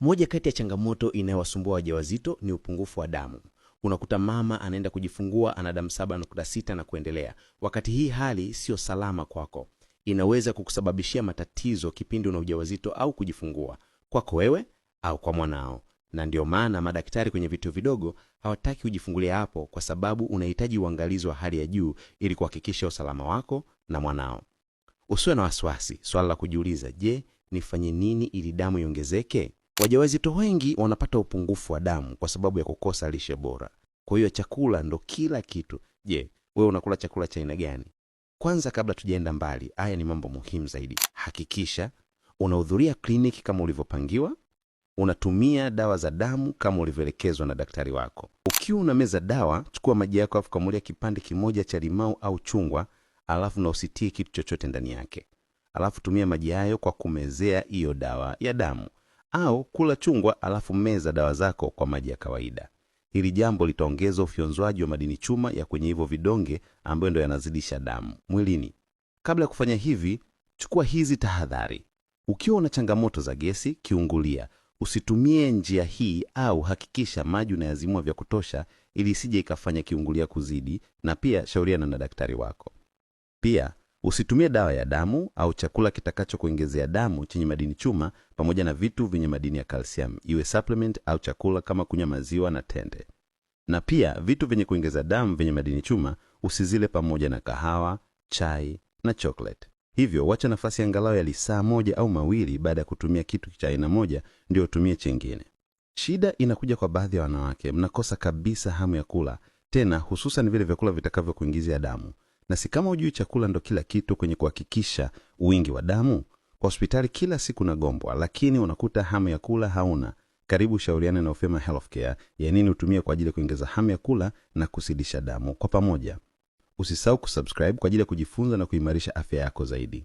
Moja kati ya changamoto inayowasumbua wajawazito ni upungufu wa damu. Unakuta mama anaenda kujifungua ana damu 7.6 na kuendelea. Wakati hii hali siyo salama kwako, inaweza kukusababishia matatizo kipindi una ujawazito au kujifungua, kwako wewe au kwa mwanao. Na ndio maana madaktari kwenye vituo vidogo hawataki ujifungulia hapo, kwa sababu unahitaji uangalizi wa hali ya juu ili kuhakikisha usalama wako na mwanao. Usiwe na wasiwasi. Swala la kujiuliza, je, nifanye nini ili damu iongezeke? Wajawazito wengi wanapata upungufu wa damu kwa sababu ya kukosa lishe bora. Kwa hiyo chakula ndo kila kitu. Je, wewe unakula chakula cha aina gani? Kwanza, kabla tujaenda mbali, haya ni mambo muhimu zaidi. Hakikisha unahudhuria kliniki kama ulivyopangiwa, unatumia dawa za damu kama ulivyoelekezwa na daktari wako. Ukiwa unameza dawa, chukua maji yako, afu kamulia kipande kimoja cha limau au chungwa, alafu na usitie kitu chochote ndani yake, alafu tumia maji hayo kwa kumezea hiyo dawa ya damu au kula chungwa alafu meza dawa zako kwa maji ya kawaida hili jambo litaongeza ufyonzwaji wa madini chuma ya kwenye hivyo vidonge ambayo ndo yanazidisha damu mwilini kabla ya kufanya hivi chukua hizi tahadhari ukiwa una changamoto za gesi kiungulia usitumie njia hii au hakikisha maji unayazimua vya kutosha ili isije ikafanya kiungulia kuzidi na pia shauriana na daktari wako pia Usitumie dawa ya damu au chakula kitakachokuongezea damu chenye madini chuma, pamoja na vitu vyenye madini ya calcium iwe supplement au chakula kama kunywa maziwa na tende. Na pia vitu vyenye kuongeza damu vyenye madini chuma usizile pamoja na kahawa, chai na chocolate. Hivyo wacha nafasi angalau ya lisaa moja au mawili baada ya kutumia kitu cha aina moja ndio utumie chengine. Shida inakuja kwa baadhi ya wanawake, mnakosa kabisa hamu ya kula tena, hususan vile vyakula vitakavyokuingizia damu na si kama ujui chakula ndo kila kitu kwenye kuhakikisha wingi wa damu kwa hospitali kila siku nagombwa lakini unakuta hamu ya kula hauna karibu shauriane na ofema healthcare ya nini utumie kwa ajili ya kuongeza hamu ya kula na kusidisha damu kwa pamoja usisahau kusubscribe kwa ajili ya kujifunza na kuimarisha afya yako zaidi